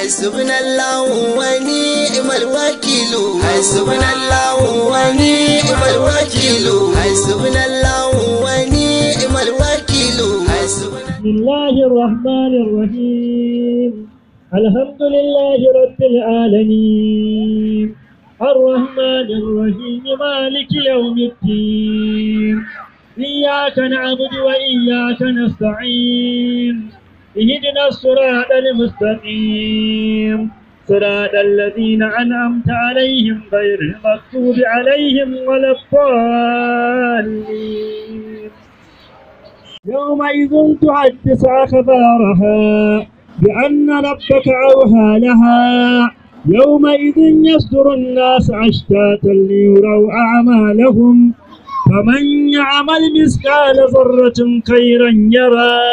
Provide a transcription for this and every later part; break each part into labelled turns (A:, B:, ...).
A: hasbunallahu wa ni'mal wakilu hasbunallahu wa ni'mal wakilu hasbunallahu wa ni'mal wakilu bismillahir rahmanir rahim alhamdulillahi rabbil alamin الرحمن الرحيم مالك يوم الدين إياك نعبد وإياك نستعين اهدنا الصراط المستقيم صراط الذين أنعمت عليهم غير المغضوب عليهم ولا الضالين يومئذ تحدث أخبارها بأن ربك أوهى لها يومئذ يصدر الناس أشتاتا ليروا أعمالهم فمن يعمل مثقال ذرة خيرا يرى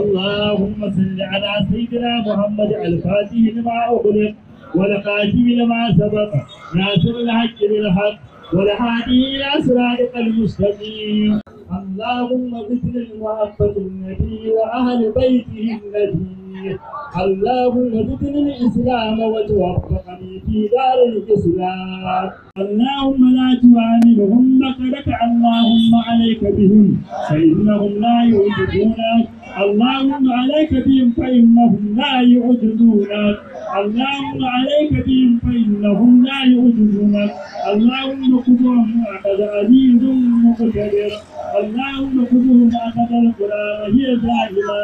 A: اللهم صل على سيدنا محمد الفاتح لما أغلق والقاتم لما سبق ناصر الحج بالحق والهادي إلى صراطك المستقيم اللهم اغفر لمحبة النبي وأهل بيته النبي اللهم اغفر الإسلام وتوفقني في دار الإسلام اللهم لا تعاملهم بقدك اللهم عليك بهم فإنهم لا يوجدونك اللهم عليك بهم فإنهم لا يعجزونك اللهم عليك بهم فإنهم لا يعجزونك اللهم خذهم أخذ عزيز مقتدر اللهم خذهم أخذ القرآن هي ذاهبة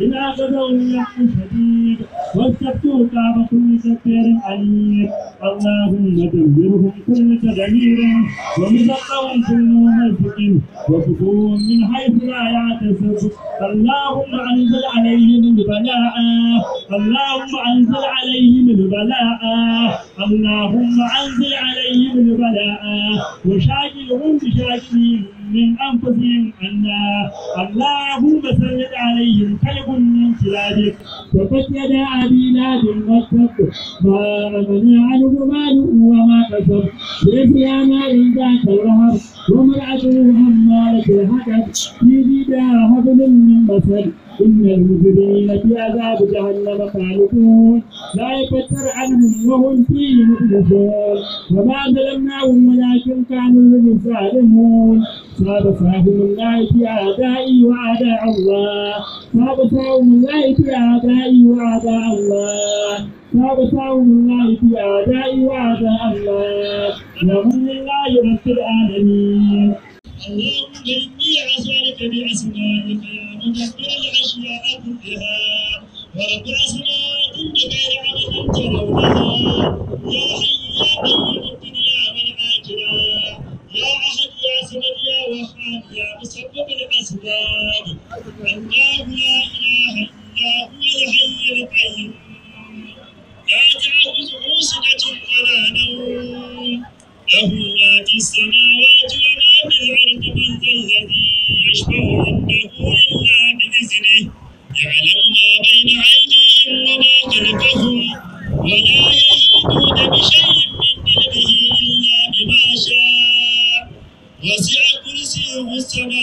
A: إلى قدر شديد واستفتوا كعب كل جبار عنيد اللهم دمرهم كل تدمير ومزقهم كل ممزق وكفوهم من حيث لا يعتسب اللهم انزل عليهم البلاء اللهم انزل عليهم البلاء اللهم انزل عليهم البلاء وشاكلهم بشاكلهم من انفسهم انا اللهم سلط عليهم كلب من كلابك وقد يدا ميلاد واشتق ما منع الجمال وما كسب ليس يا مال ذاك الرهب وامرأته حمالة الحطب في جيدها حبل من مسد إن المجرمين في عذاب جهنم خالدون لا يفتر عنهم وهم فيه مخلصون وما ظلمناهم ولكن كانوا هم الظالمون فابصاهم الله في أعدائي وأعداء الله فابصاهم الله في أعدائي وأعداء الله وأبصارهم الله في أعدائي وأعداء الله وهم لله رب العالمين اللهم إني أسألك بأسمائك مدبر الأشياء كلها ورب أسمائك غير عدد ترونها يا حي يا قيوم الدنيا والآخرة يا أحد يا سند يا وهاب يا مسبب الأسباب الله لا إله إلا هو الحي القيوم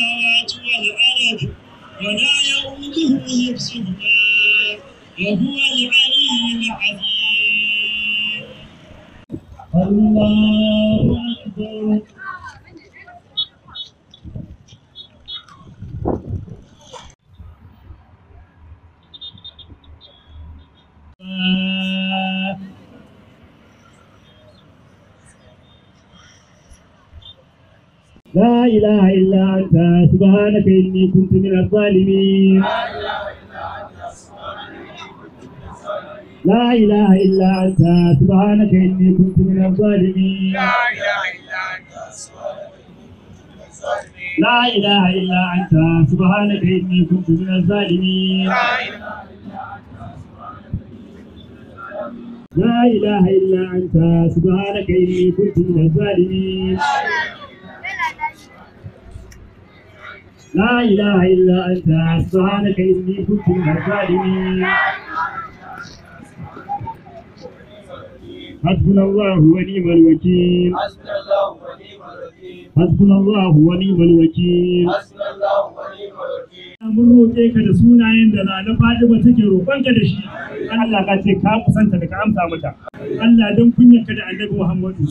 A: السماوات والأرض ولا يؤوده حفظهما وهو العلي العظيم الله أكبر لا إله إلا أنت سبحانك إني كنت من الظالمين لا إله إلا أنت سبحانك إني كنت من الظالمين لا إله إلا أنت سبحانك إني كنت من الظالمين لا إله إلا أنت سبحانك إني كنت من الظالمين لا إله إلا أنت سبحانك إني كنت من الظالمين حسبنا الله ونعم الوكيل حسبنا الله ونعم الوكيل mun roƙe ka da sunayen da na Fatima take roƙonka da shi Allah ka ce ka kusanta da ka amsa mata Allah don kunyarka da Annabi Muhammadu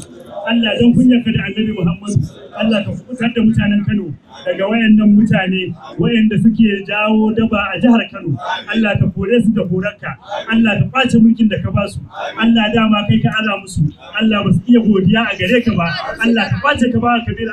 A: Allah don kunyar da annabi Muhammadu Allah ka kubutar da mutanen Kano daga wayannan mutane wayanda suke jawo daba a jihar Kano Allah ka kore su da korarka Allah ka kwace mulkin da ka ba su Allah dama kai ka ala musu Allah ba su iya godiya a gare ka ba Allah ka kwace ka ba Kabir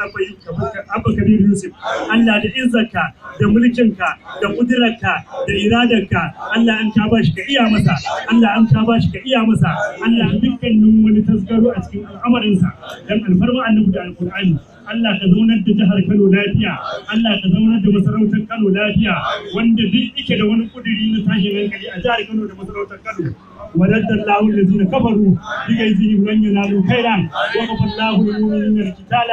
A: Abba Kabir Yusuf Allah da izzarka da mulkinka da kudurarka da iradarka Allah an ka bashi ka iya masa Allah an ka bashi ka iya masa Allah dukkanin wani tasgaro a cikin al'amarinsa dan alfarma annabi da alqur'ani Allah ka zaunar da jihar Kano lafiya Allah ka zaunar da masarautar Kano lafiya wanda duk yake da wani kuduri na tashin hankali a jihar Kano da masarautar Kano ولد الله الذين كفروا بغيظهم لن ينالوا خيرا وكفى الله المؤمنين القتال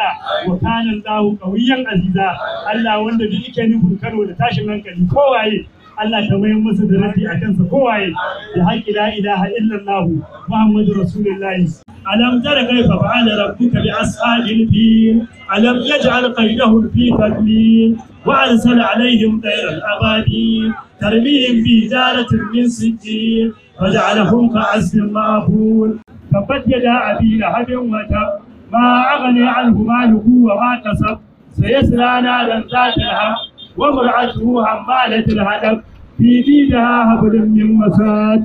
A: وكان الله قويا عزيزا الله wanda duk yake nufin Kano da tashin hankali kowaye Allah ta mayar masa da rafi a kansa kowaye da haƙi la ilaha illallah Muhammadu Rasulullahi ألم تر كيف فعل ربك بأصحاب الفيل ألم يجعل قيدهم في تدليل وأرسل عليهم طير أبابيل ترميهم دارة من سجين فجعلهم كعزل مأكول تبت يدا أبي لهب وتب ما أغني عنه ماله وما كسب سيسرى نارا ذات لهب وامرأته حمالة الهدف في جيدها هبل من مساد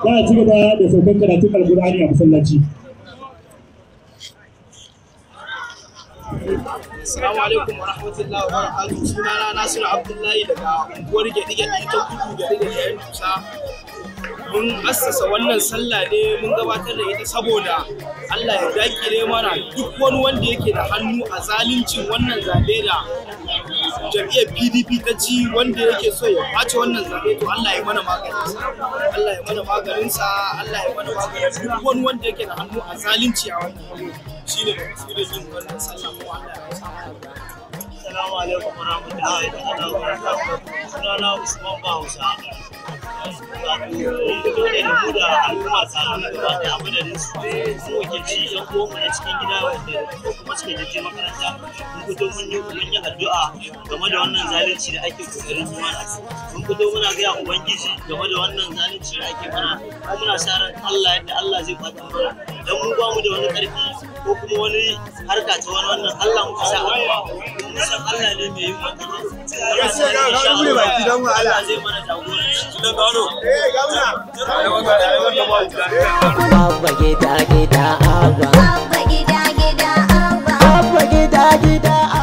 A: za a ci da saukar karatun alkur'ani a masallaci Assalamu alaikum wa rahmatullahi wa barakatuhu sunana Nasiru Abdullahi daga unguwar Gyaɗi-Gyaɗi ta kudu da daga Tusa. Mun assasa wannan sallah ne mun gabatar da ita saboda Allah ya dakile mana duk wani wanda yake da hannu a zaluncin wannan zabe da jam'iyyar pdp ta ci wanda yake so ya ɓace wannan zaɓe to allah ya mana maganinsa allah ya mana maganinsa allah ya mana maganinsa duk wani wanda yake da hannu a zalunci a wannan shi ne da yin wannan sallah ko allah ya sa mana Assalamu alaikum warahmatullahi wabarakatuh. Sunana Usman Bahausa. dole da mu da al'umma tsaron da ba da madadin su mu wakilci yan uwanmu na cikin gida wanda kuma suka je makaranta mun fito mun yi mun yi addu'a game da wannan zalunci da ake kokarin yi mana mun fito muna ga ubangiji game da wannan zalunci da ake mana muna sa ran Allah yadda Allah zai kwata mana dan mu ba mu da wani karfi ko kuma wani harka ta wannan Allah mu sa addu'a san Allah ne mai zai mana jagoranci eh, abba gida gida abba abba gida gida abba abba gida gida abba